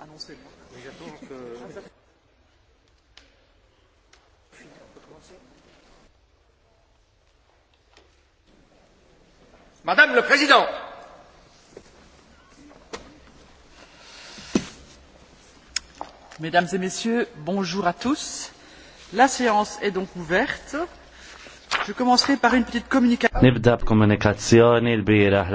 annoncez j'attends que... Madame le Président, Mesdames et Messieurs, bonjour à tous. La séance est donc ouverte. Je commencerai par une petite communication. Nibda bira